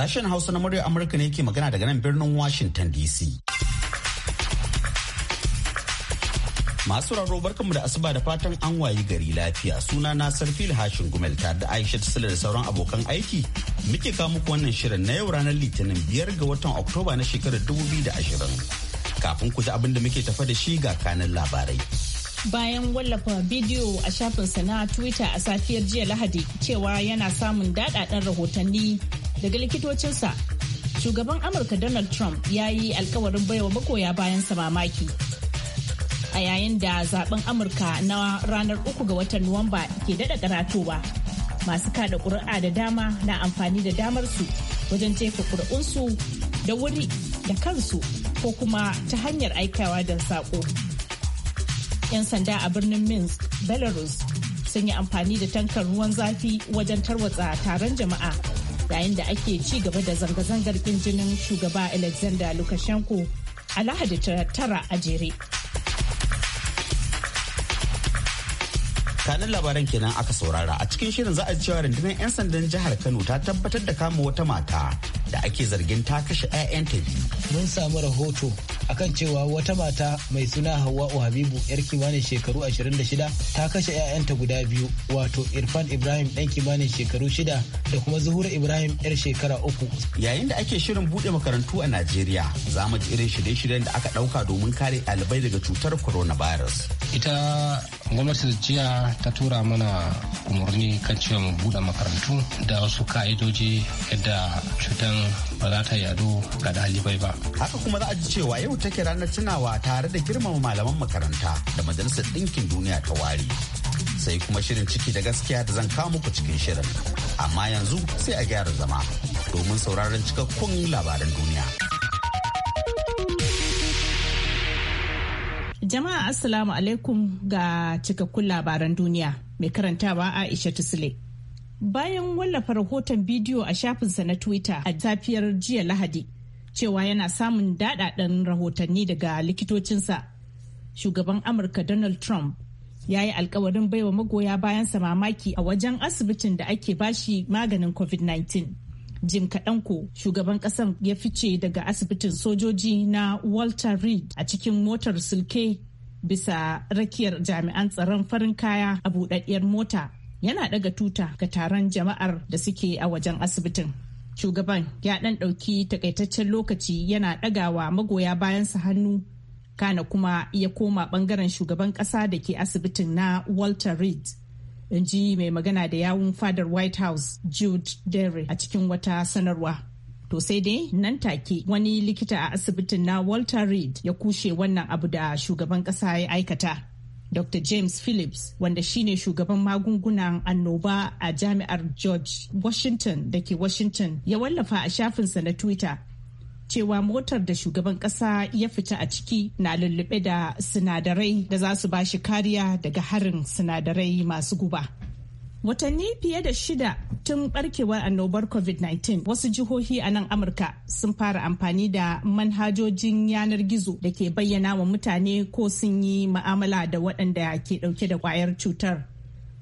Sashen Hausa na muryar Amurka ne ke magana daga nan birnin Washington DC. Masu raro barkanmu da asuba da fatan an wayi gari lafiya suna na sarfil hashin gumel tare da Aisha Sule da sauran abokan aiki muke kawo muku wannan shirin na yau ranar litinin biyar ga watan Oktoba na shekarar dubu biyu da ashirin Kafin ku ji abin da muke tafa da shi ga kanin labarai. bayan wallafa bidiyo a shafinsa na twitter a safiyar jiya lahadi cewa yana samun daɗaɗɗen rahotanni daga likitocinsa shugaban amurka donald trump ya yi alkawarin baiwa magoya bayansa mamaki a yayin da zaben amurka na ranar uku ga watan nuwamba ke dada karatowa masu kada ƙuri'a da dama na amfani da damar su. wajen jefa su da wuri da kansu ko kuma ta hanyar aikawa da saƙo 'yan sanda a birnin minsk belarus sun yi amfani da tankar ruwan zafi wajen tarwatsa taron jama'a yayin da ake ci gaba da zanga-zangar kin jinin shugaba alexander lukashenko a lahadi tara a jere kanin labaran kenan aka saurara a cikin shirin za a cewa rundunar 'yan sandan jihar kano ta tabbatar da kama wata mata da ake zargin ta kashe 'ya'yanta biyu mun samu rahoto akan cewa wata mata mai suna hawa Habibu yar kimanin shekaru 26 ta kashe 'ya'yanta guda biyu wato Irfan Ibrahim dan kimanin shekaru shida da kuma Zuhura Ibrahim yar shekara uku. Yayin da ake shirin bude makarantu a Najeriya za mu ji irin shirye-shiryen da aka ɗauka domin kare ɗalibai daga cutar coronavirus. Ita gwamnati jiya ta tura mana umarni kan cewa mu bude makarantu da wasu ka'idoji yadda cutar ba za ta yado ga ɗalibai ba. Haka kuma za a ji cewa yau take ranar tunawa tare da girmama malaman makaranta da Majalisar Ɗinkin Duniya ta wari Sai kuma shirin ciki da gaskiya da zan kawo muku cikin shirin. Amma yanzu sai a gyara zama domin sauraron cikakkun labaran duniya. Jama'a Assalamu alaikum ga cikakkun labaran duniya. Mai karantawa Aisha Tusle. bayan wallafa rahoton bidiyo a shafinsa na twitter a safiyar jiya lahadi cewa yana samun daɗaɗɗen rahotanni daga likitocinsa shugaban amurka donald trump ya yi alkawarin baiwa magoya bayansa mamaki a wajen asibitin da ake bashi maganin covid-19 jim kaɗanko shugaban ƙasar ya fice daga asibitin sojoji na walter reed a cikin motar sulke bisa rakiyar jami'an tsaron farin kaya a buɗaɗɗiyar mota yana daga tuta ga taron jama'ar da suke a wajen asibitin shugaban ya ɗan ɗauki takaitaccen lokaci yana ɗagawa magoya bayansa hannu kana kuma ya koma ɓangaren shugaban ƙasa da ke asibitin na walter reed in ji mai magana da yawun fadar white house jude Derry a cikin wata sanarwa to sai dai nan take wani likita a asibitin na walter reed ya kushe wannan abu da shugaban ƙasa ya aikata Dr. James Phillips wanda shine shugaban magungunan annoba a jami'ar George Washington da ke Washington ya wallafa a shafinsa na Twitter cewa motar da shugaban kasa ya fita a ciki na lullube da sinadarai da za su ba shi kariya daga harin sinadarai masu guba. Watanni fiye da shida tun barkewar annobar COVID-19 wasu jihohi a nan Amurka sun fara amfani da manhajojin yanar gizo da ke bayyana wa mutane ko sun yi ma'amala da waɗanda ke ɗauke da ƙwayar cutar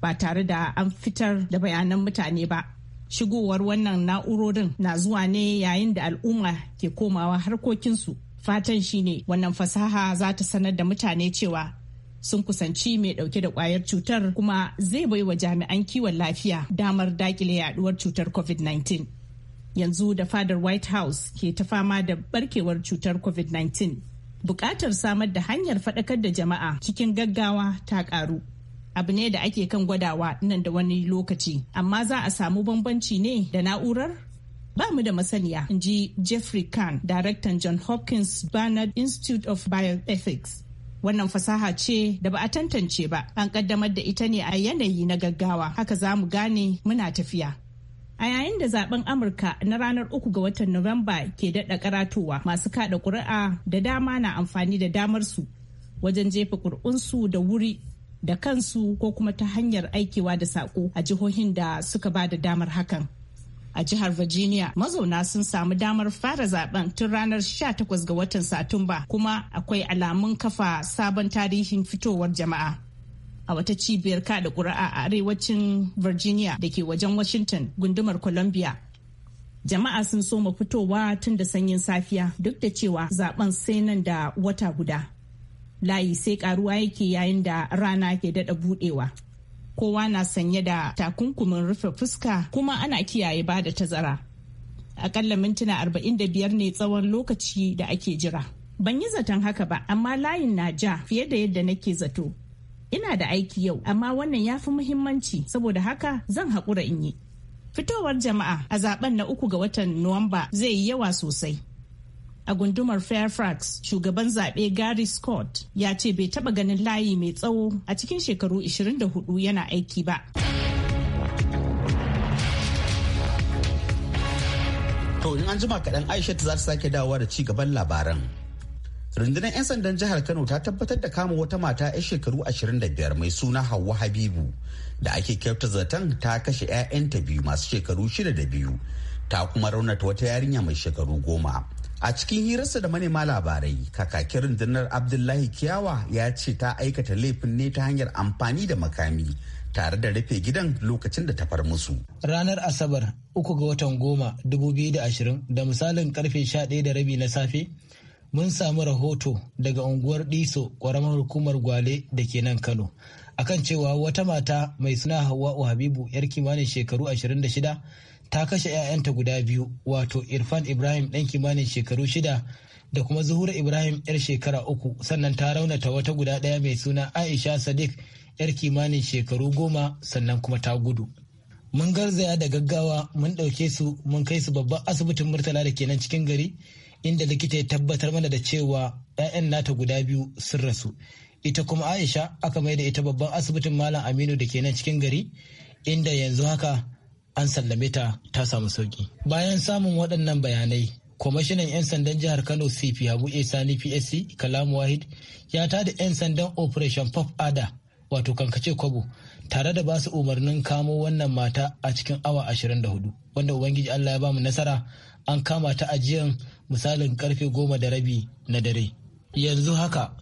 ba tare da an fitar da bayanan mutane ba. Shigowar wannan na'urorin na zuwa ne yayin da al'umma ke komawa harkokinsu. Fatan shine wannan fasaha za ta sanar da mutane cewa sun kusanci mai dauke da kwayar cutar kuma zai bai wa jami'an kiwon lafiya damar dakile yaduwar cutar covid-19 yanzu da fadar white house ke ta fama da barkewar cutar covid-19 bukatar samar da hanyar faɗakar da jama'a cikin gaggawa ta ƙaru abu ne da ake kan gwadawa nan da wani lokaci amma za a samu bambanci ne da na'urar ba mu da masaniya in ji jeffrey kahn daraktan john hopkins barnard institute of bioethics Wannan fasaha ce da ba a tantance ba, an kaddamar da ita ne a yanayi na gaggawa, haka za mu gane muna tafiya. A yayin da zaben Amurka na ranar uku ga watan Nuwamba ke daɗa karatowa masu kaɗa ƙuri'a da dama na amfani da damar su wajen jefa ƙuri'unsu da wuri da kansu ko kuma ta hanyar aikewa da saƙo a jihohin da suka ba da damar hakan. a jihar Virginia mazauna sun samu damar fara zaben tun ranar 18 ga watan Satumba kuma akwai alamun kafa sabon tarihin fitowar jama'a. a wata cibiyar kada ƙuri'a a arewacin virginia da ke wajen washington gundumar columbia jama'a sun soma fitowa tun da sanyin safiya duk da cewa zaben sai nan da wata guda layi sai karuwa yake yayin da rana ke daɗa buɗewa kowa na sanye da takunkumin rufe fuska kuma ana kiyaye ba da tazara akalla mintuna arba'in da biyar ne tsawon lokaci da ake jira ban yi zaton haka ba amma layin na ja fiye da yadda nake zato ina da aiki yau amma wannan ya fi muhimmanci saboda haka zan haƙura in yi fitowar jama'a a zaben na uku ga watan nuwamba zai yi yawa sosai a gundumar Fairfax shugaban zaɓe Gary Scott ya ce bai taɓa ganin layi mai tsawo a cikin shekaru 24 yana aiki ba. To in an jima kaɗan Aisha za ta sake dawowa da ci gaban labaran. Rundunar 'yan sandan jihar Kano ta tabbatar da kama wata mata 'yan shekaru 25 mai suna Hauwa Habibu da ake kyauta zaton ta kashe 'ya'yanta biyu masu shekaru shida da biyu ta kuma raunata wata yarinya mai shekaru goma. A cikin hirarsa da manema labarai, kakakin rundunar Abdullahi Kiyawa ya ce ta aikata laifin ne ta hanyar amfani da makami tare da rufe gidan lokacin da ta far musu. Ranar Asabar, 3 ga watan goma, 2020 da misalin karfe 11 da rabi na safe, mun samu rahoto daga unguwar Diso, ƙwaramar hukumar Gwale da ke nan Kano. akan cewa wata mata mai suna Hawwa'u Habibu yar kimanin shekaru 26 ta kashe 'ya'yanta guda biyu wato irfan ibrahim ɗan kimanin shekaru shida da kuma zuhura ibrahim 'yar shekara uku sannan ta raunata wata guda ɗaya mai suna aisha sadiq 'yar kimanin shekaru goma sannan kuma ta gudu mun garzaya da gaggawa mun ɗauke su mun kai su babban asibitin murtala da kenan cikin gari inda likita ya tabbatar mana da cewa 'ya'yan nata guda biyu sun rasu ita kuma aisha aka mai da ita babban asibitin malam aminu da kenan cikin gari inda yanzu haka an sallame ta ta samu sauki bayan samun waɗannan bayanai kwamashinan 'yan sandan jihar kano cp abu sani psc kalamu wahid ya da 'yan sandan operation pop ada wato kankace kwabo tare da basu umarnin kamo wannan mata a cikin awa 24 wanda ubangiji allah ya bamu nasara an kama ta ajiyan misalin karfe goma da rabi na dare yanzu haka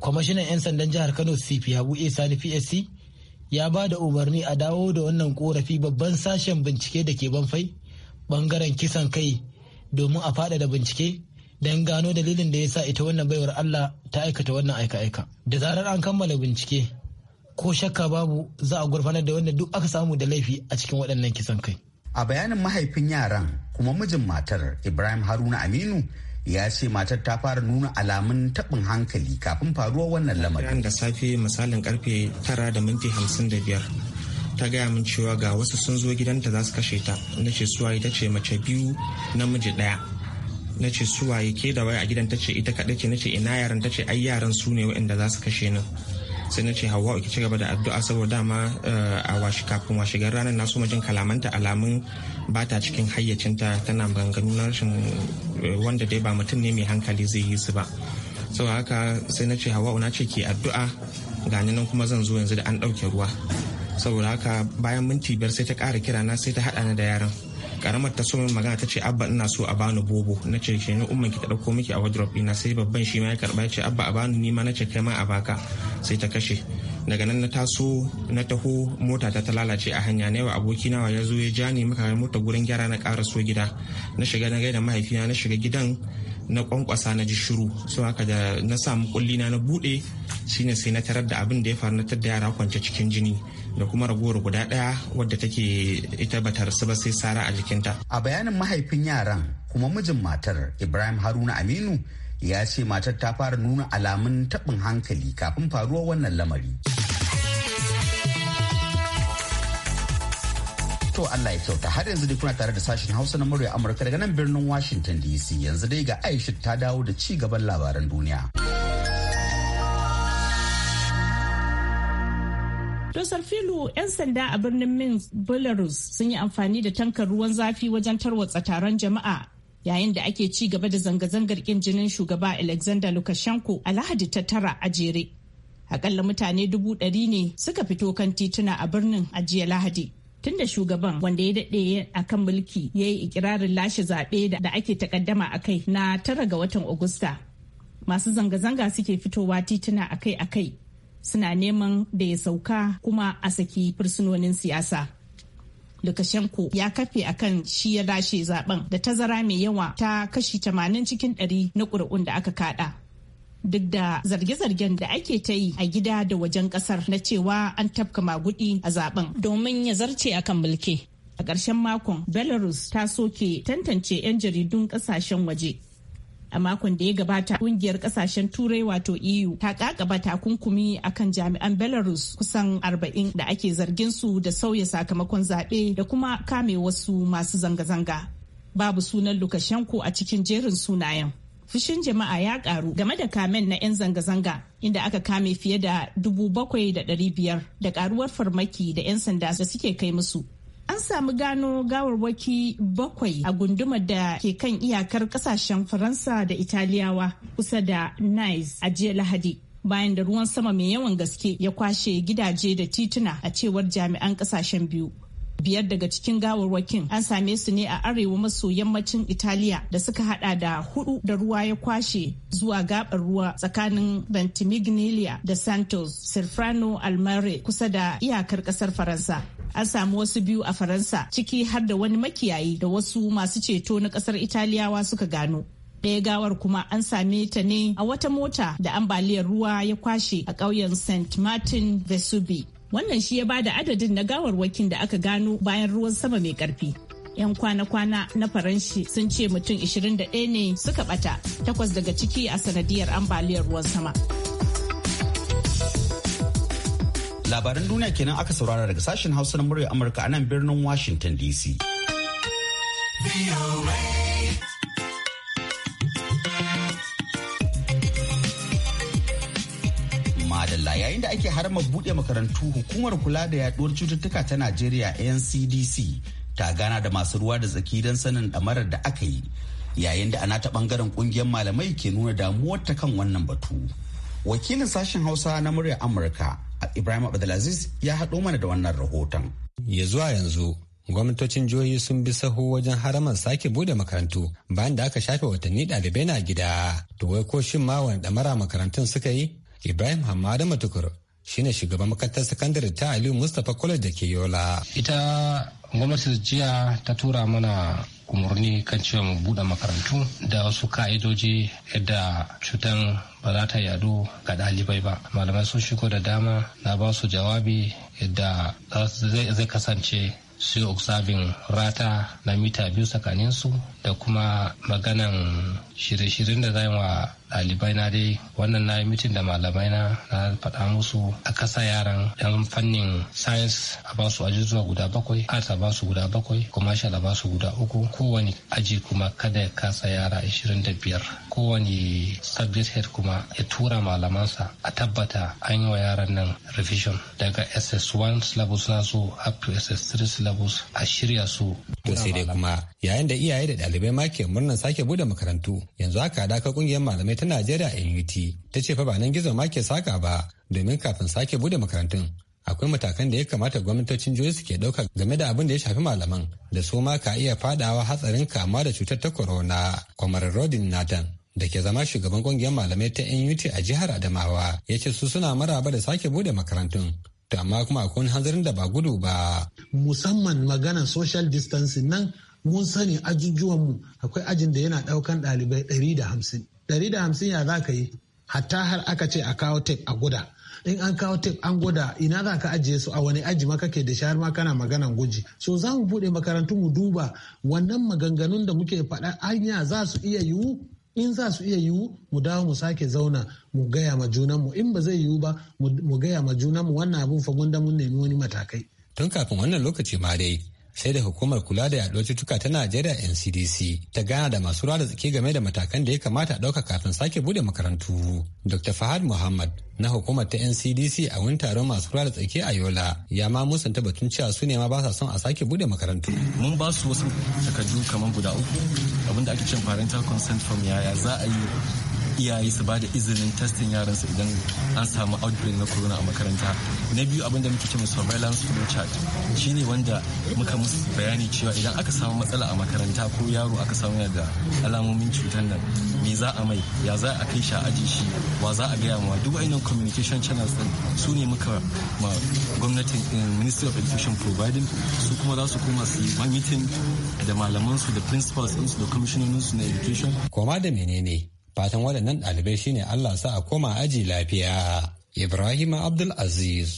kwamashinan 'yan sandan jihar kano cp habu sani psc ya ba da umarni a dawo da wannan korafi babban sashen bincike da ke banfai bangaren kisan kai domin a da bincike don gano dalilin da ya sa ita wannan baiwar Allah ta aikata wannan aika-aika. Da zarar an kammala bincike ko shakka babu za a gurfanar da wanda duk aka samu da laifi a cikin waɗannan kisan kai. A bayanin mahaifin yaran kuma mijin matar Ibrahim Haruna Aminu ya ce matar ta fara nuna alamun tabin hankali kafin faruwa wannan lamarin. da safe misalin karfe tara da minti hamsin da biyar ta gaya min cewa ga wasu sun zo gidanta za su kashe ta na ce suwaye ita ce mace biyu namiji ɗaya na ce suwaye ke da waya a gidan ta ce ita kaɗai ce na ce ina yaran ta ce ai yaran su ne waɗanda za su kashe ni sai na ce hawa ki ci gaba da addu'a saboda dama eh, a washi kafin washigar ranar na so jin kalamanta alamun ba ta cikin hayyacinta tana ganganu na rashin eh, wanda dai ba mutum ne mai hankali zai yi su ba sau haka sai na ce hawa na ce ki addu'a gani nan kuma zan zo yanzu da an ɗauke ruwa saboda haka bayan minti biyar sai ta ƙara kira na sai ta haɗa ni da yaran karamar ta so magana ta ce abba ina so a bani bobo na ce ke ne umman ki ta dauko miki a wardrobe ina sai babban shi ma ya karba ya ce abba a bani ni ma na ce kai ma a baka sai ta kashe daga nan na taso na taho mota ta ta lalace a hanya na yawa aboki nawa ya zo ya ja ni muka mota gurin gyara na ƙara so gida na shiga na gaida mahaifina na shiga gidan na kwankwasa na ji shiru so haka da na samu kulli na bude shine sai na tarar da abin da ya faru na tadda yara kwance cikin jini da kuma ragowar guda daya wadda take ita bata rasu ba sai sara a jikinta a bayanin mahaifin yaran kuma mijin matar ibrahim haruna aminu ya ce matar ta fara nuna alamun tabin hankali kafin faruwar wannan lamari. To Allah ya kyauta har yanzu dai kuna tare da sashen Hausa na murya Amurka daga nan birnin Washington DC yanzu dai ga Aisha ta dawo da ci gaban labaran duniya. Dosar filu 'yan sanda a birnin Minsk, Belarus sun yi amfani da tankar ruwan zafi wajen tarwatsa taron jama'a yayin da ake ci gaba da zanga-zangar kin jinin shugaba Alexander Lukashenko a Lahadi ta tara a jere. Akalla mutane dubu ɗari ne suka fito kan tituna a birnin a jiya Lahadi. Tun da shugaban wanda ya daɗe a kan mulki ya yi ikirarin lashe zaɓe da ake takaddama a kai na tara ga watan Agusta. Masu zanga-zanga suke fitowa tituna akai-akai suna neman da ya sauka kuma a saki fursunonin siyasa. Lukashenko ya kafe a kan shi ya lashe zaben da tazara mai yawa ta kashi 80 cikin 100 na ƙuri'un da aka kada. duk da zarge-zargen da ake ta yi a gida da wajen kasar na cewa an tafka magudi a zaben domin ya zarce akan mulki. A ƙarshen makon, Belarus ta soke tantance 'yan jaridun ƙasashen waje. a makon da ya gabata kungiyar ƙasashen turai wato eu ta kakaba takunkumi a kan jami'an belarus kusan 40 da ake zargin su da sauya sakamakon zaɓe da kuma kame wasu masu zanga-zanga babu sunan lukashenko a cikin jerin sunayen fushin jama'a ya karu game da kamen na 'yan zanga-zanga inda aka kame fiye da dubu bakwai da ɗari biyar da karuwar farmaki da 'yan sanda da suke kai musu an samu gano gawarwaki bakwai a gundumar da ke kan iyakar kasashen faransa da italiyawa kusa da nice a jiya lahadi bayan da ruwan sama mai yawan gaske ya kwashe gidaje da tituna a cewar jami'an kasashen biyu biyar daga cikin gawarwakin an same su ne a arewa maso yammacin italiya da suka hada da hudu da ruwa ya kwashe zuwa gabar ruwa tsakanin ventimiglia da santos serfrano almare kusa da iyakar kasar faransa an samu wasu biyu a faransa ciki har da wani makiyayi da wasu masu ceto na kasar italiyawa suka gano daya gawar kuma an same ta ne a wata mota da ambaliyar ruwa ya kwashe a ƙauyen st martin vesubi Wannan shi ya bada adadin na gawarwakin da aka gano bayan ruwan sama mai karfi. 'Yan kwana-kwana na Faranshi sun ce mutum 21 ne suka bata, takwas daga ciki a sanadiyar ambaliyar ruwan sama. Labaran duniya kenan aka saurara daga sashen Hausa na murya Amurka a nan birnin Washington DC. yayin da ake harama buɗe makarantu hukumar kula da yaduwar cututtuka ta Najeriya NCDC ta gana da masu ruwa da tsaki don sanin damarar da aka yi yayin da ana ta bangaren ƙungiyar malamai ke nuna damuwar ta kan wannan batu. Wakilin sashen Hausa na muryar Amurka Ibrahim Abdulaziz ya haɗo mana da wannan rahoton. Ya zuwa yanzu gwamnatocin jihohi sun bi sahu wajen haraman sake bude makarantu bayan da aka shafe watanni ɗalibai na gida to wai ko shin ma wani ɗamara makarantun suka yi Ibrahim Hamadama Tukur shine shugaban makarantar sakandare ta Aliyu Mustapha College da ke Yola. Ita gwamnati jiya ta tura mana umarni kan cewa mu buɗe makarantu da wasu ka'idoji yadda cutan ba za ta yadu ga ɗalibai ba malamai sun shigo da dama na ba su jawabi yadda zai kasance su observing rata na mita biyu tsakaninsu da kuma maganan shirye-shiryen da yi wa ɗalibai na dai wannan na yi mitin da malamai na na faɗa musu a kasa yaran yan fannin science a ba su aji zuwa guda bakwai arts a ba su guda bakwai commercial a ba su guda uku kowane aji kuma kada ya kasa yara ishirin da biyar kowane subject head kuma ya tura malamansa a tabbata an yi wa yaran nan revision daga ss1 syllabus na su up to ss3 syllabus a shirya su. to sai dai kuma yayin da iyaye ɗalibai ma ke murnar sake bude makarantu yanzu haka dakar kungiyar malamai ta najeriya nut ta ce fa ba nan gizo ma ke saka ba domin kafin sake bude makarantun akwai matakan da ya kamata gwamnatocin jihohi suke ɗauka game da abin da ya shafi malaman da su ma ka iya fadawa hatsarin kama da cutar ta corona kwamar rodin nathan da ke zama shugaban kungiyar malamai ta nut a jihar adamawa ya ce su suna maraba da sake bude makarantun to amma kuma akwai hanzarin da ba gudu ba musamman maganar social distancing nan mun sani mu akwai ajin da yana ɗaukan ɗalibai ɗari da hamsin ɗari da hamsin ya za ka yi hatta har aka ce a kawo tef a guda in an kawo tef an guda, ina za ka ajiye su a wani aji ma kake da shahar ma kana maganan guji? so za mu buɗe makarantu mu duba wannan maganganun da muke faɗa anya za su iya yiwu in za su iya yiwu mu dawo mu sake zauna mu gaya ma junanmu in ba zai yiwu ba mu gaya ma junanmu wannan abun fa gunda mun nemi wani matakai tun kafin wannan lokaci ma dai sai da hukumar kula da yaduwar cutuka ta najeriya ncdc ta gana da masu ruwa da tsaki game da matakan da ya kamata a ɗauka kafin sake bude makarantu dr fahad muhammad na hukumar ta ncdc a wani taron masu ruwa da tsaki a yola ya ma musanta batun cewa su ne ma ba sa son a sake bude makarantu mun ba su wasu takardu kamar guda uku abinda ake cin parental consent form yaya za a yi iyaye su da izinin testin yaran su idan an samu outbreak na corona a makaranta na biyu abin da muke cewa surveillance flow chart shine wanda muka musu bayani cewa idan aka samu matsala a makaranta ko yaro aka samu da alamomin cutar nan me za a mai ya za a kai shi a aji shi wa za a gaya ma duk wayannan communication channels din su ne muka ma gwamnatin eh, ministry of education providing su kuma za su koma su yi meeting da malaman su da principals din su da commissioner su na education koma da menene fatan waɗannan ɗalibai shine Allah sa a koma aji lafiya Ibrahim Abdul Aziz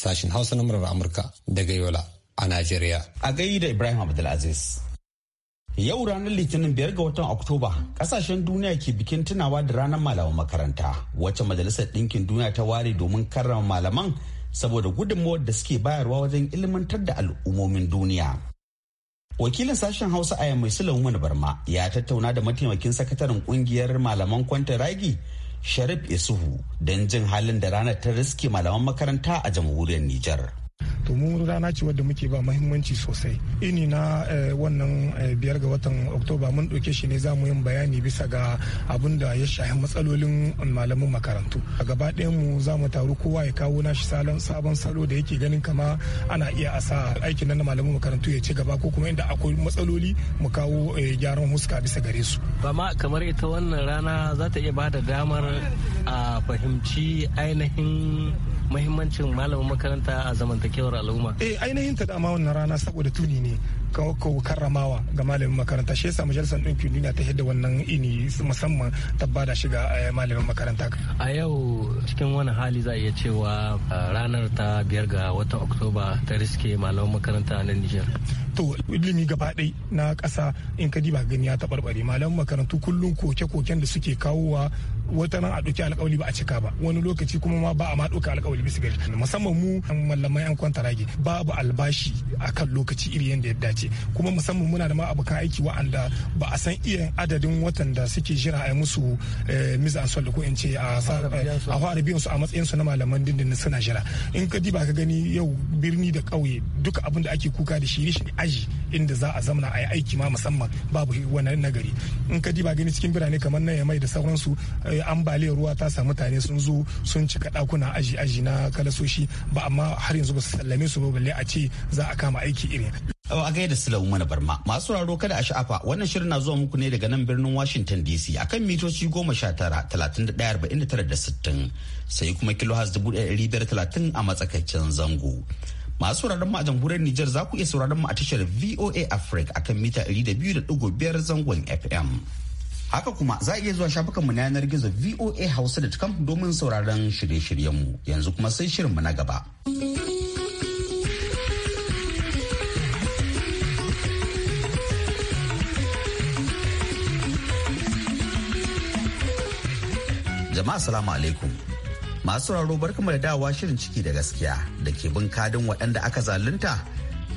sashin Hausa na murar Amurka daga Yola a Najeriya a gaida Ibrahim Abdul Aziz Yau ranar Litinin biyar ga watan Oktoba, kasashen duniya ke bikin tunawa da ranar malaman makaranta, wacce Majalisar Ɗinkin Duniya ta ware domin karrama malaman saboda gudunmawar da suke bayarwa wajen ilmantar da al'ummomin duniya. wakilin sashen hausa a mai sulaiman barma ya tattauna da mataimakin sakataren kungiyar malaman kwanta ragi sharif isuhu don jin halin da ranar ta riske malaman makaranta a jamhuriyar nijar to mu rana ce wadda muke ba mahimmanci sosai ini na eh, wannan eh, biyar ga watan oktoba mun ɗauke shi ne zamu mu yin bayani bisa ga abin da ya shahi matsalolin malamin makarantu a gaba mu za mu taru kowa ya kawo nashi salon sabon salo da yake ganin kama ana iya a sa aikin nan na malaman makarantu ya ci gaba ko kuma inda akwai matsaloli mu kawo eh, gyaran huska bisa gare su ma kamar ita wannan rana za ta iya ba da damar a fahimci ainihin muhimmancin malamin makaranta a zamantakewar al'umma eh ainihin ta dama wannan rana saboda tuni ne karramawa ga malamin makaranta shi yasa majalisar ɗinkin duniya ta hidda wannan ini musamman da shiga eh, malamin makaranta a yau cikin wani hali za iya cewa eh, ranar ta biyar ga watan oktoba ta riske malaman makaranta na nijar to ilimi gaba ɗai na ƙasa in ka diba gani ya taɓarɓare malaman makarantu kullum koke-koken da suke kawowa wata nan a ɗauki alƙawali ba a cika ba wani lokaci kuma ma ba a ma ɗauki alƙawali bisa gari musamman mu mallamai an kwanta rage babu albashi akan lokaci iri yadda ya dace ce kuma musamman muna da ma kan aiki wa'anda ba a san iya adadin watan da suke jira a yi musu miza sol da ko in ce a fara biyan su a matsayin su na malaman dindin suna jira in ka diba ka gani yau birni da ƙauye duka abin da ake kuka da shi rashin aji inda za a zamana a yi aiki ma musamman babu wani nagari in ka diba gani cikin birane kamar na yamai da sauransu eh, ambaliyar ruwa ta sa mutane sun zo sun cika ɗakuna aji aji na kalasoshi ba amma har yanzu ba su sallame su ba balle a ce za a kama aiki irin a gaida Sulaimu mana barma masu raro kada a sha'afa wannan shirin na zuwa muku ne daga nan birnin Washington DC akan mitoci goma sha tara talatin da ɗaya arba'in da tara da sittin sai kuma kilo has dubu ɗaya ɗari biyar talatin a matsakaicin zango. Masu sauraron mu a jamhuriyar Nijar za ku iya sauraron mu a tashar VOA Africa akan mita ɗari da biyu da ɗigo biyar zangon FM. Haka kuma za a iya zuwa mu na yanar gizo hausa da voahausa.com domin sauraron shirye-shiryenmu yanzu kuma sai shirin mu na gaba. Jama'a salamu alaikum. Masu sauraro barkamu da dawa shirin ciki da gaskiya da ke bin kadin waɗanda aka zalunta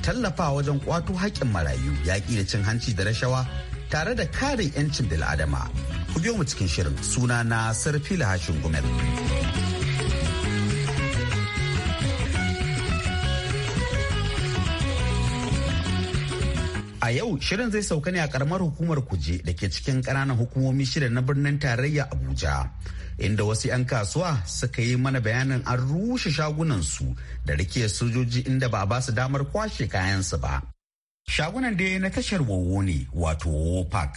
tallafa wajen kwato haƙƙin marayu yaƙi da cin hanci da rashawa tare da kare 'yancin bil'adama. Ku biyo mu cikin shirin suna na sarfi Hashin Gumel. A yau shirin zai sauka ne a karamar hukumar kuje da ke cikin ƙananan hukumomi shida na birnin tarayya Abuja. inda wasu 'yan kasuwa suka yi mana bayanin an rushe shagunansu da rike sojoji inda ba a ba su damar kwashe kayansu ba. Shagunan da na tashar wowo ne wato wowo park.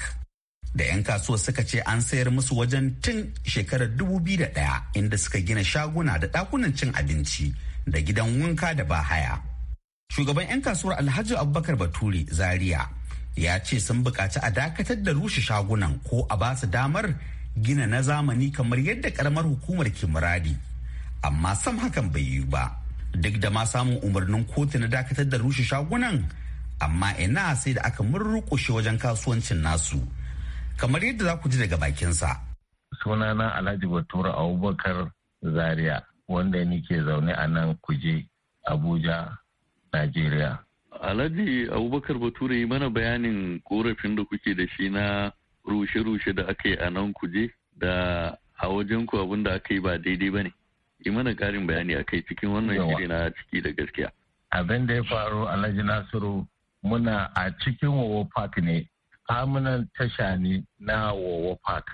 Da 'yan kasuwa suka ce an sayar musu wajen tun shekarar dubu da 2001 inda suka gina shaguna da dakunan cin abinci da gidan wanka da bahaya. Shugaban 'yan kasuwar Alhaji Abubakar Baturi Zaria ya ce sun buƙaci a dakatar da rushe shagunan ko a ba su damar gina na zamani kamar yadda karamar hukumar ke muradi amma sam hakan bai yi ba duk da ma samun umarnin kotu na dakatar da rushe shagunan amma ina sai da aka murrukushe wajen kasuwancin nasu kamar yadda za ku ji daga bakinsa sunana alhaji batura abubakar zaria wanda nike zaune a nan kuje abuja najeriya alhaji abubakar bature yi mana bayanin korafin da kuke da shi na rushe-rushe da aka yi a nan kuje da a wajen ku abin da aka yi ba daidai ba ne yi mana karin bayani a kai cikin wannan shiri na ciki da gaskiya abin da ya faru alhaji nasiru muna a cikin wowo park ne aminan tasha ne na wowo park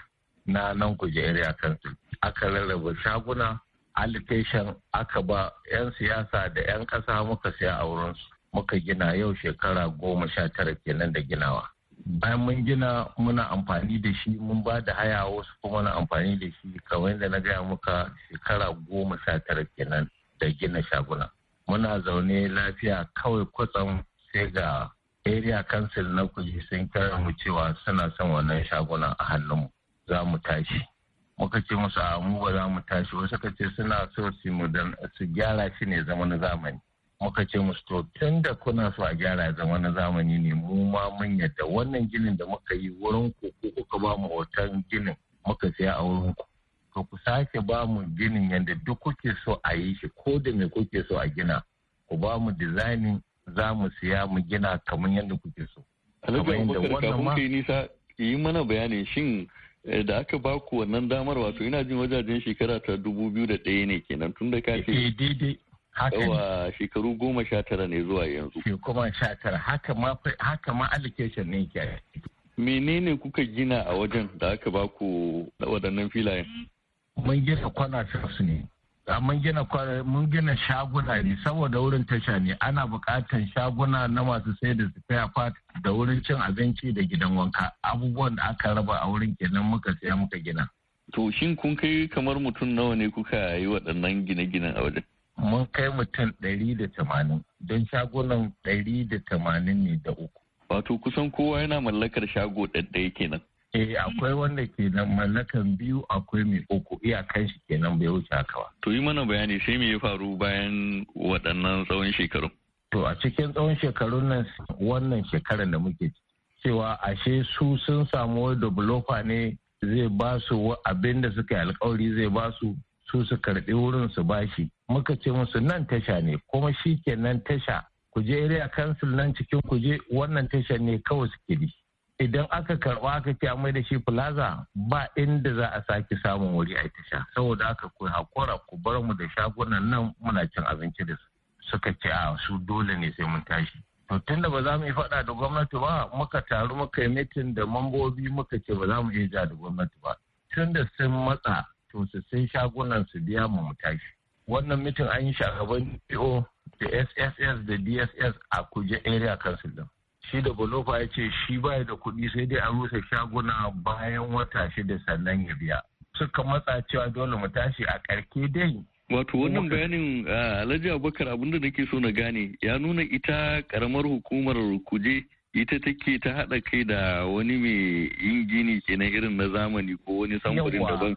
na nan kuje area kansu. aka rarraba shaguna allocation aka ba 'yan siyasa da 'yan kasa muka siya a wurinsu muka gina yau shekara goma sha tara kenan da ginawa bayan mun gina muna amfani da shi mun ba da haya wasu kuma muna amfani da shi kamar da na gaya muka shekara goma sha tara kenan da gina shaguna muna zaune lafiya kawai kwatsam sai ga area council na kuji sun kira mu cewa suna son wannan shaguna a hannunmu za mu tashi muka ce musu a mu ba za mu tashi wasu ka ce suna so su gyara shi ne zaman zamani muka ce musu to tun da kuna so a gyara zama na zamani ne mu ma mun yadda wannan ginin da muka yi wurin ku ko kuka ba mu hoton ginin muka siya a wurin ku to ku sake ba mu ginin yadda duk kuke so a yi shi ko da me kuke so a gina ku ba mu designing za mu siya mu gina kamar yadda kuke so. kafin kai nisa yi mana bayanin shin eh, da aka ba ku wannan damar wato ina jin wajajen shekara ta dubu biyu da ɗaya ne kenan tun da kace. Eh, eh, Yawa shekaru goma sha tara ne zuwa yanzu. Shekaru sha tara haka ma allocation ne ke. Menene kuka gina a wajen da aka ba ku waɗannan filayen? Mun gina kwana su ne. mun gina mun gina shaguna ne saboda wurin tasha ne ana buƙatar shaguna na masu sai da spare part da wurin cin abinci da gidan wanka abubuwan da aka raba a wurin kenan muka siya muka gina to shin kun kai kamar mutum nawa ne kuka yi waɗannan gine-ginen a wajen mun kai mutum ɗari da tamanin don shagunan ɗari da tamanin ne da uku. Wato kusan kowa yana mallakar shago ɗaɗɗaya kenan. Eh akwai wanda ke nan. mallakan biyu akwai mai uku iyakan shi kenan bai wuce haka ba. To yi mana bayani sai me ya faru bayan waɗannan tsawon shekaru. To a cikin tsawon shekarun nan wannan shekarar da muke cewa ashe su sun samu developer ne zai ba su abin da suka yi alkawari zai ba su su su karɓi wurin su bashi muka ce musu nan tasha ne kuma shi ke nan tasha ku je area council nan cikin ku je wannan tasha ne kawai suke bi idan aka karba aka ce amai da shi plaza ba inda za a saki samun wuri a tasha saboda aka ku hakura ku bar mu da shagunan nan muna cin abinci da su suka ce a su dole ne sai mun tashi to tunda ba za mu yi faɗa da gwamnati ba muka taru muka yi mitin da mambobi muka ce ba za mu iya ja da gwamnati ba tunda sun matsa to su sai shagunan su biya mu mu tashi wannan mitin an yi shi a gaban PO da SSS da DSS a kuje area council din. Shi da Bolofa ya ce shi baya da kuɗi sai dai an rusa shaguna bayan wata shida sannan ya biya. Suka matsa cewa dole mu tashi a ƙarke dai Wato wannan bayanin Alhaji Abubakar abinda nake so na gane ya nuna ita karamar hukumar kuje ita take ta haɗa kai da wani mai yin gini kenan irin na zamani ko wani samfurin daban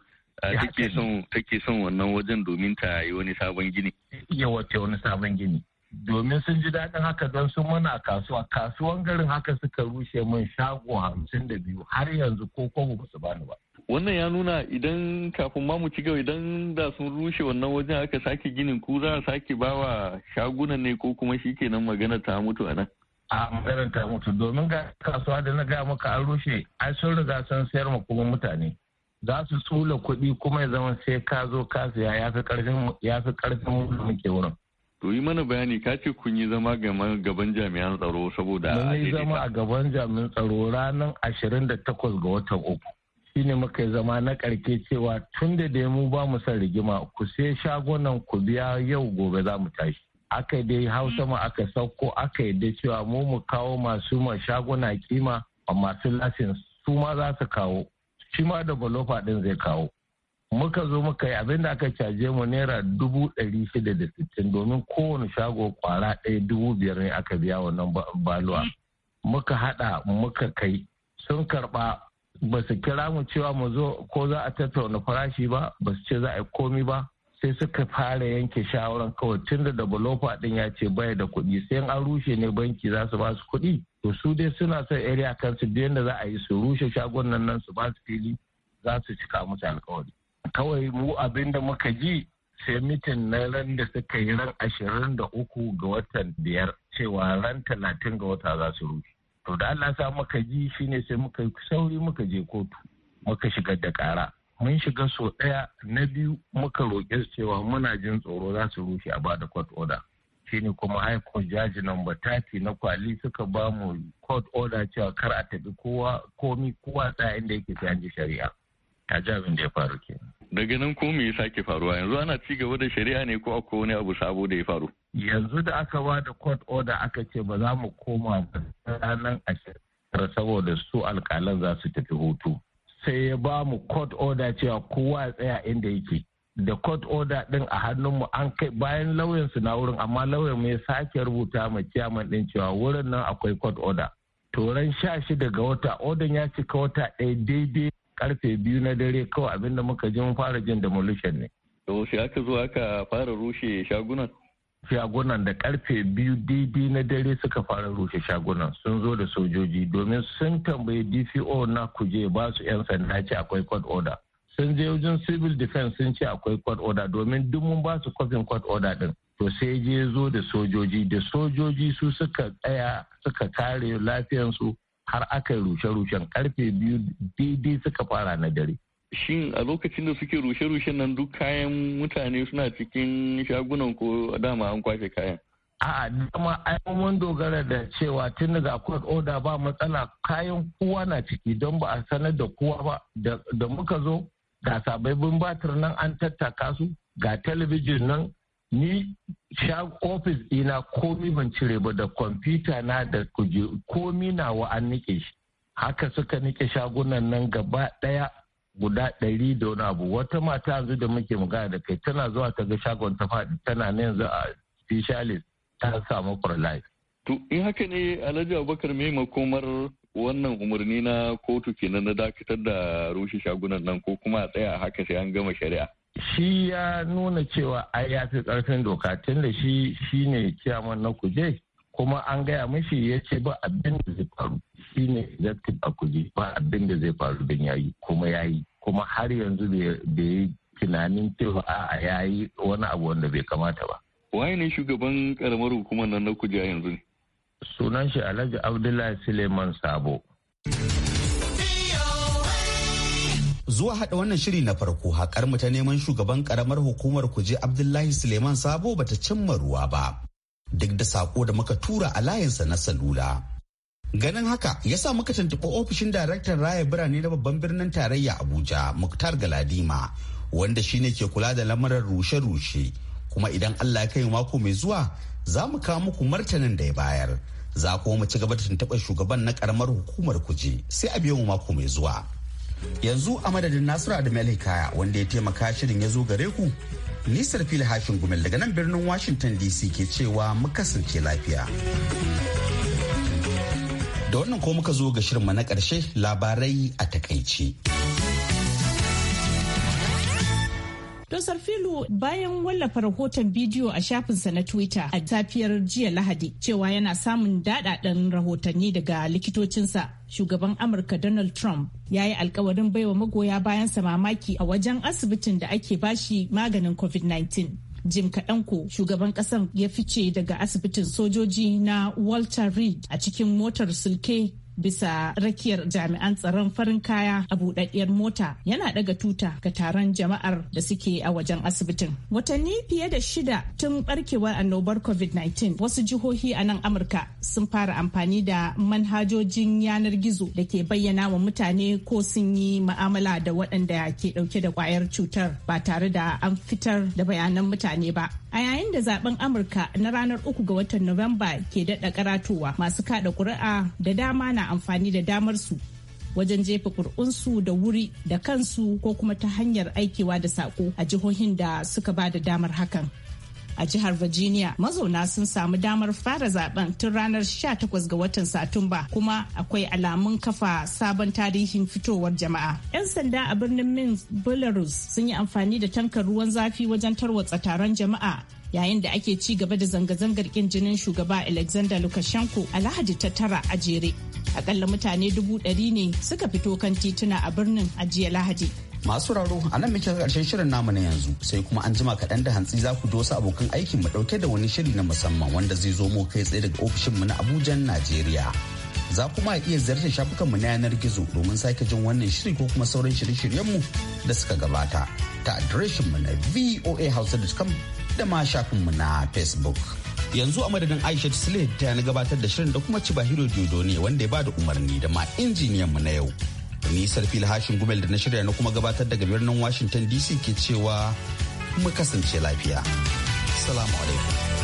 take son take son wannan wajen domin ta yi wani sabon gini yawa wace wani sabon gini domin sun ji daɗin haka don sun mana kasuwa kasuwan garin haka suka rushe min shago hamsin da biyu har yanzu ko kogo ba su bani ba wannan ya nuna idan kafin ma mu ci gaba idan da sun rushe wannan wajen aka sake ginin ku za a sake bawa shagunan ne ko kuma shi kenan magana ta mutu a nan a maganar ta mutu domin ga kasuwa da na gaya maka an rushe ai sun riga sun sayar ma kuma mutane za su tsula kuɗi kuma ya zama sai ka zo ka siya ya fi ƙarfin wanda muke wurin. To yi mana bayani ka ce kun yi zama gaban jami'an tsaro saboda a yi zama a gaban jami'an tsaro ranar ashirin da takwas ga watan uku. Shi ne muka zama na ƙarke cewa tun da da mu ba mu son rigima ku sai shagunan ku biya yau gobe za mu tashi. Aka yi dai hausa ma aka sauko aka yi da cewa mu mu kawo masu ma shaguna kima masu lasin su ma za su kawo shi ma balofa din zai kawo muka zo muka yi abin da aka caje mu naira dubu ɗari shida da sittin domin kowane shago kwara ɗaya dubu biyar ne aka biya wannan baluwa muka haɗa muka kai sun karɓa ba su kira mu cewa mu zo ko za a tattauna farashi ba ba su ce za a yi komi ba sai suka fara yanke shawarar kawai tun da developer din ya ce baya da kuɗi sai an rushe ne banki za su ba kuɗi to su dai suna son area kansu biyan da za a yi su rushe shagunan nan su ba su fili za su cika musu alkawari kawai mu abin da muka ji sai mitin na ran da suka yi ran ashirin da uku ga watan biyar cewa ran talatin ga wata za su rushe to da Allah sa muka ji shine sai muka sauri muka je kotu muka shigar da kara mun shiga so ɗaya na biyu muka roƙe su cewa muna jin tsoro za su rushe a ba da court order Shi ne kuma high court jaji number 30 na kwali suka ba mu court order cewa kar a tafi kowa komi kowa tsaya inda yake ta an shari'a ta ji abin da ya faru ke daga nan ko me ya sake faruwa yanzu ana ci gaba da shari'a ne ko akwai wani abu sabo da ya faru yanzu da aka ba da court order aka ce ba za mu koma ba ranar ashirin saboda su alƙalan za su tafi hutu sai ya ba mu court order cewa kowa ya tsaya inda yake da court order din a hannunmu an kai bayan lauyan su na wurin amma lauyan ya sake rubuta ma chairman din cewa wurin nan akwai court order toran sha shida ga wata odan ya cika wata ɗaya daidai karfe biyu na dare kawai abinda muka ji mun fara jin demolition ne. to shi aka zo aka fara rushe shagunan shagunan da karfe biyu daidai na dare suka fara rushe shagunan sun zo da sojoji domin sun tambayi dpo na kuje ba su 'yan sanda ce akwai court order sun je wajen civil defense sun ce akwai court order domin duk mun ba su kofin court order din to sai je zo da sojoji da sojoji su suka tsaya suka kare lafiyansu har aka rushe-rushen karfe biyu daidai suka fara na dare shin a lokacin da suke rushe-rushen nan duk kayan mutane suna cikin shagunan ko dama an kwashe kayan a'a dama ai mun dogara da cewa tun daga court order ba matsala kayan kowa na ciki don ba a sanar da kowa ba da muka zo ga sababbin batir nan an tattaka su ga talabijin nan ni shag ofis ina komi ban cire ba da kwamfuta na da kuje komi na wa an nike shi haka suka nike shagunan nan gaba daya guda ɗari da wani abu wata mata yanzu da muke magana da kai tana zuwa ta ga shagon ta faɗi tana ne yanzu a specialist ta samu for life. To in haka ne Alhaji Abubakar me makomar wannan umarni na kotu kenan na dakatar da rushe shagunan nan ko kuma a tsaya haka sai an gama shari'a. Shi ya nuna cewa ai ya fi ƙarfin doka tunda shi shi ne ciyaman na kuje kuma an gaya mishi ya ce ba abin da zai faru shi ne a kuje ba abin da zai faru don yayi kuma yayi. kuma har yanzu bai yi tunanin cewa a ya yi wani abu wanda bai kamata ba. Waye ne shugaban karamar hukumar nan na kuja yanzu ne? Sunan shi Alhaji Abdullahi Suleiman Sabo. Zuwa haɗa wannan shiri na farko haƙar mu ta neman shugaban Ƙaramar hukumar kuje Abdullahi Suleiman Sabo bata cimma ruwa ba. Duk da saƙo da muka tura a layinsa na salula. Ganin haka ya sa muka tuntuɓi ofishin daraktan raya birane na babban birnin tarayya Abuja Muktar Galadima wanda shi ne ke kula da lamarin rushe-rushe kuma idan Allah ya kai mako mai zuwa za mu kawo muku martanin da ya bayar. Za kuma mu ci gaba da tuntuɓar shugaban na karamar hukumar kuje sai a biyo mu mako mai zuwa. Yanzu a madadin Nasiru Adamu Kaya wanda ya taimaka shirin ya zo gare ku Nisar fili hashin gumel daga nan birnin Washington DC ke cewa mu kasance lafiya. Da wannan ko muka zo ga shirinmu na ƙarshe labarai a takaice. Dosar Filu bayan wallafa rahoton bidiyo a shafinsa na Twitter a safiyar jiya Lahadi cewa yana samun daɗaɗɗen rahotanni daga likitocinsa. Shugaban Amurka Donald Trump ya yi alkawarin baiwa magoya bayansa mamaki a wajen asibitin da ake bashi maganin COVID-19. jim kaɗan ko shugaban ƙasar ya fice daga asibitin sojoji na walter reed a cikin motar sulke. bisa rakiyar jami'an tsaron farin kaya a buɗaɗɗiyar mota yana ɗaga tuta ga taron jama'ar da suke a wajen asibitin. Watanni fiye da shida tun barkewar annobar COVID-19 wasu jihohi a nan Amurka sun fara amfani da manhajojin yanar gizo da ke bayyana wa mutane ko sun yi ma'amala da waɗanda ke ɗauke da ƙwayar cutar ba tare da an fitar da bayanan mutane ba. A yayin da zaben Amurka na ranar uku ga watan Nuwamba ke daɗa karatowa masu kada ƙuri'a da dama na amfani da damar su wajen jefa ƙuri'unsu da wuri da kansu ko kuma ta hanyar aikewa da saƙo a jihohin da suka ba da damar hakan. a jihar Virginia mazauna sun samu damar fara zaben tun ranar 18 ga watan Satumba kuma akwai alamun kafa sabon tarihin fitowar jama'a. 'Yan sanda a birnin Minsk, Belarus sun yi amfani da tankar ruwan zafi wajen tarwatsa taron jama'a yayin da ake ci gaba da zanga-zangar kin jinin shugaba Alexander Lukashenko a Lahadi ta tara a jere. Akalla mutane dubu ɗari ne suka fito kan tituna a birnin a jiya Lahadi. Masu raro a nan muke karshen shirin namu na yanzu sai kuma an jima kaɗan da hantsi za ku ji wasu abokan aikin mu ɗauke da wani shiri na musamman wanda zai zo mu kai tsaye daga mu na Abuja, Najeriya. za kuma iya ziyartar shafukanmu na yanar gizo domin sake jin wannan shiri ko kuma sauran shirye-shiryenmu da suka gabata ta mu na voahouse.com da ma shafin mu na facebook yanzu a madadin aisha sule ta na gabatar da shirin da kuma cibahiro dodo ne wanda ya ba da umarni da ma mu na yau Ni Sarfil Hashin Gumel da na shirya na kuma gabatar daga birnin Washington DC ke cewa mu kasance lafiya. Salamu alaikum.